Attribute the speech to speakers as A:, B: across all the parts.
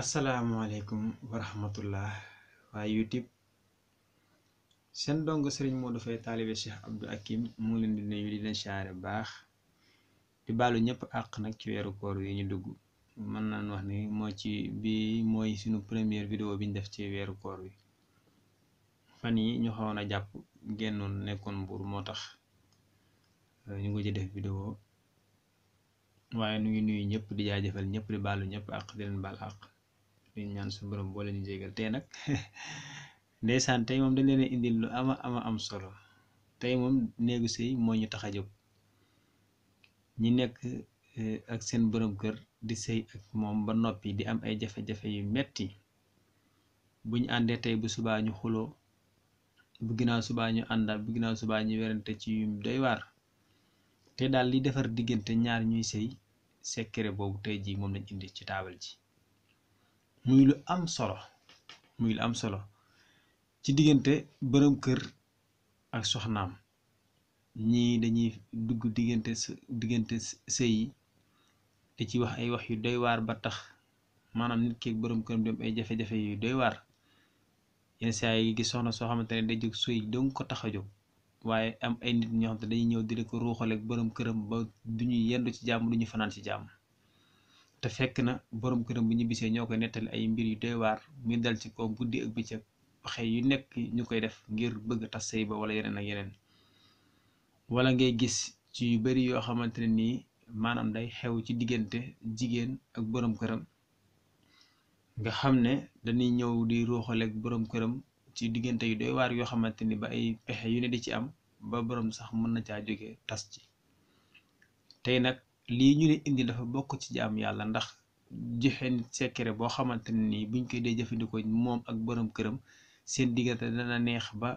A: asalaamaaleykum wa rahmatullah waa youtube seen dongo sëriñ moo dafay taalibe Cheikh Abdou Hakim mu leen di nuyu di baax di baalu ñépp àq nag ci weeru koor yi ñu dugg mën naan wax ni mooy suñu première vidéo bi def ci weeru koor bi fan yi ñu xawoon a jàpp gennoon nekkoon mbuur moo tax Euh, ñu ngi ci def vidéo waaye nu ngi nuyu ñëpp di jaajëfal ñëpp di baalu ñëpp àq di leen baal àq di ñaan su borom boo leen jégal tey nag ndeysaan tey moom dañ leen indil lu am ama am solo tey moom néegu sëy moo ñu tax a jóg ñi nekk euh, ak seen borom kër di sëy ak moom ba noppi di am ay jafe-jafe yu metti bu àndee tey bu subaa ñu xuloo bu ginnaaw subaa ñu àndal bu ginnaaw subaa ñu werante ci yu doy waar te daal li defar diggante ñaar ñuy sëy secret boobu tey jii moom lañ indi ci taabal ji muy lu am solo muy lu am solo ci diggante bërëm kër ak soxnaam ñii dañuy dugg diggante diggante sëy yi di ci wax ay wax yu doy waar ba tax maanaam nit ki ak boroom ay jafe yu doy waar yenn saa yi gis soxna soo xamante ne day jóg sëy dong ko tax a jóg waaye am ay nit ñoo xam te dañuy ñëw di ko ruuxaleeg borom këram ba du ñu yendu ci jàmm du ñu fanaan ci jàmm te fekk na borom këram bu ñibbisee ñoo koy nettali ay mbir yu doy waar muy dal ci kaw guddi ak bëccëg xëy yu nekk ñu koy def ngir bëgg tas sëy ba wala yeneen ak yeneen wala ngay gis ci yu bari yoo xamante ne nii maanaam day xew ci diggante jigéen ak borom këram nga xam ne dañuy ñëw di ruuxaleeg borom këram ci diggante yu doy waar yoo xamante ni ba ay pexe yu ne di ci am ba borom sax mën na caa jóge tas ci tey nag lii ñu ne indi dafa bokk ci jaam yàlla ndax joxe nit secret boo xamante ne nii buñ koy dee jëfandikoo moom ak boroom këram seen diggante dana neex ba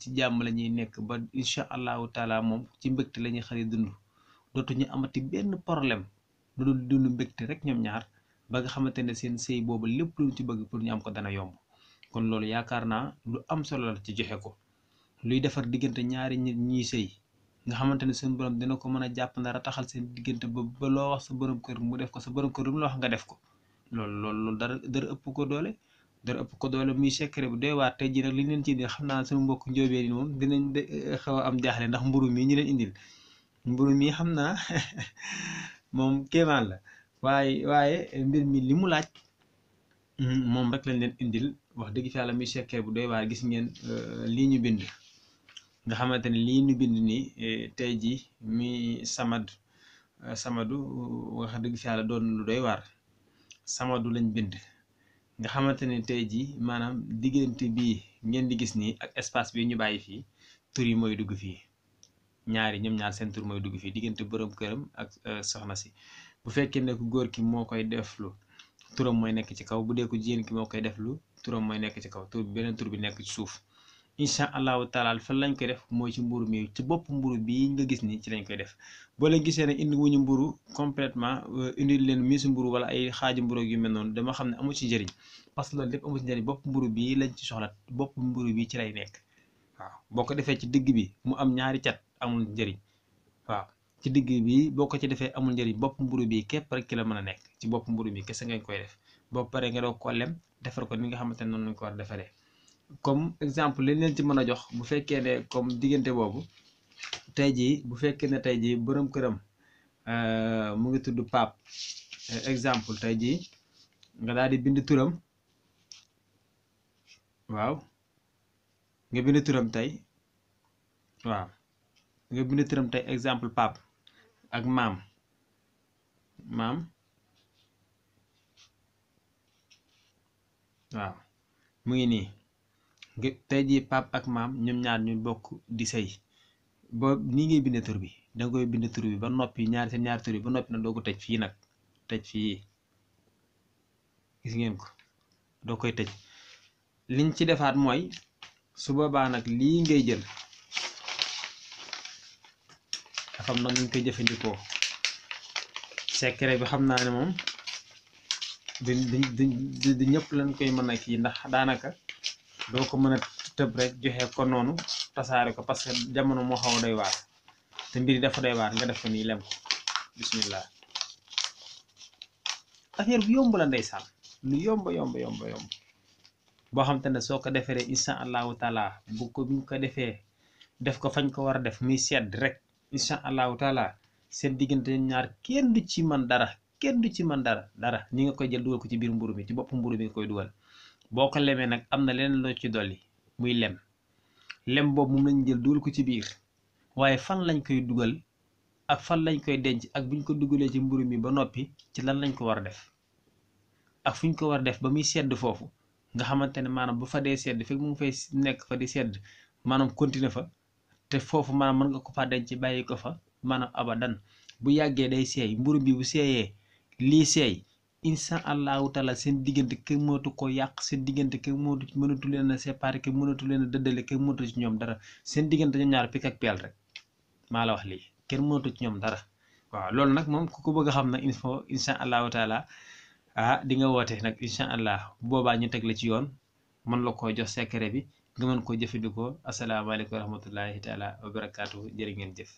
A: ci jàmm la ñuy nekk ba incha allahu taala moom ci mbégte la ñuy xale dund dootuñu amati benn problème lu dul dund mbégte rek ñoom ñaar ba nga xamante ne seen sëy boobu lépp lu ci bëgg pour ñu am ko dana yomb. kon loolu yaakaar naa lu am solo ci joxe ko luy defar diggante ñaari nit ñiy sëy nga xamante ne seen borom dina ko mën a jàpp na rataxal seen diggante ba ba loo wax sa borom kër mu def ko sa borom kër mu la wax nga def ko loolu loolu loolu dara ëpp ko doole dara ëpp ko doole muy secret bu doy waar tey jii leen ci indil xam naa sama mbokk njóobeen yi moom dinañ eh, xaw am jaaxle ndax mburu mii ñu leen indil mburu mii xam naa moom kéemaan la waaye waaye mbir mi li mu laaj mm, moom rek lañ leen indil wax dëgg fi yàlla muy sekkee bu doy waar gis ngeen euh, lii ñu bind nga xamante ne lii ñu bind nii euh, tey jii mi samad euh, samadu wax dëgg fi yàlla doon lu doy waar samadu lañ bind nga xamante ne tey jii maanaam diggante bi ngeen di gis nii ak espace bi ñu bàyyi fii tur yi mooy dugg fii ñaari ñoom ñaar seen tur mooy dugg fii diggante borom këram ak soxna si bu fekkee ne ku góor ki moo koy deflu turam mooy nekk ci kaw bu dee ko jigéen ki moo koy def lu turam mooy nekk ci kaw tur beneen tur bi nekk ci suuf incha allahu taala fan lañ koy def mooy ci mburu mi ci bopp mburu bii nga gis ni ci lañ koy def boo leen gisee ne indi wuñu mburu complètement euh, indi leen miisu mburu wala ay xaaji mburu yu mel noonu dama xam ne amu ci njëriñ parce que loolu lépp amu ci njëriñ bopp mburu bii lañ ci soxla bopp mburu bi ci lay nekk waaw boo ko defee ci digg bi mu am ñaari cat amul njëriñ waaw ci digg bi boo ko ci defee amul njëriñ bopp mburu bi képp rek ci la mën a nekk ci bopp mburu bi kese ngeen koy def boo pare nga doog koo lem defar ko ni nga xamante ne noonu lañ ko a defaree comme exemple lañ leen ci mën a jox bu fekkee ne comme diggante boobu tey jii bu fekkee ne tey jii borom këram euh, mu ngi tudd pap euh, exemple tey jii nga daal di bind turam waaw nga bind turam tey waaw nga bind turam tey exemple pap ak maam maam waaw mu ngi nii tey jii pap ak maam ñoom ñaar ñu bokk di sëy ba nii ngay bind tur bi danga koy bind tur bi ba noppi ñaari seen ñaari tur bi ba noppi nag doo ko tëj fii nag tëj fii gis ngeen ko doo koy tëj liñ ci defaat mooy su boobaa nag lii ngay jël xam nag ñu koy jëfandikoo secret bi xam naa ne moom du du du ñëpp lañ koy mën a kii ndax daanaka doo ko mën a tëb rek joxe ko noonu tasaare ko parce que jamono moo xaw a doy waar te mbir yi dafa doy waar nga def ko nii lem ko bismillah affaire bu yomb la ndeysaan lu yomb yomb yomb yomb boo xam te ne soo ko deferee insha allahu taala bu ko bu ñu ko defee def ko fañ ko war a def muy sedd rek incha allahu taala seen diggante ñaar kenn du ci man dara kenn du ci man dara dara ñi nga koy jël dugal ko ci biir mburu mi ci bopp mburu mi nga koy dugal boo ko lemee nag am na leen loo ci dolli muy lem lem boobu moom lañ jël dugal ko ci biir waaye fan lañ koy dugal ak fan lañ koy denc ak buñ ko dugalee ci mburu mi ba noppi ci lan lañ ko war a def ak fuñ ko war a def ba muy sedd foofu nga xamante ne maanaam bu fa dee sedd fekk mu ngi fay nekk fa di sedd fa te foofu maanaam mën nga ko fa denc bàyyi ko fa a abadan bu yàggee day seey mburu bi bu seeyee lii seey incha allahu taala seen diggante kenn mënatu ko yàq seen diggante kenn mënatu mënatu leen a mënatu leen a dëddale kenn ci ñoom dara seen diggante ñoom ñaar pik ak peel rek maa la wax lii kenn mënatu ci ñoom dara waaw loolu nag moom ku ko bëgg a xam nag info incha allahu taala ah di nga woote nag incha allah boobaa ñu teg la ci yoon mën la koo jox secret bi nga mën koo jëfandikoo asalaamaaleykum wa rahmatullahi taala wa barakaatu jërë ngeen jëf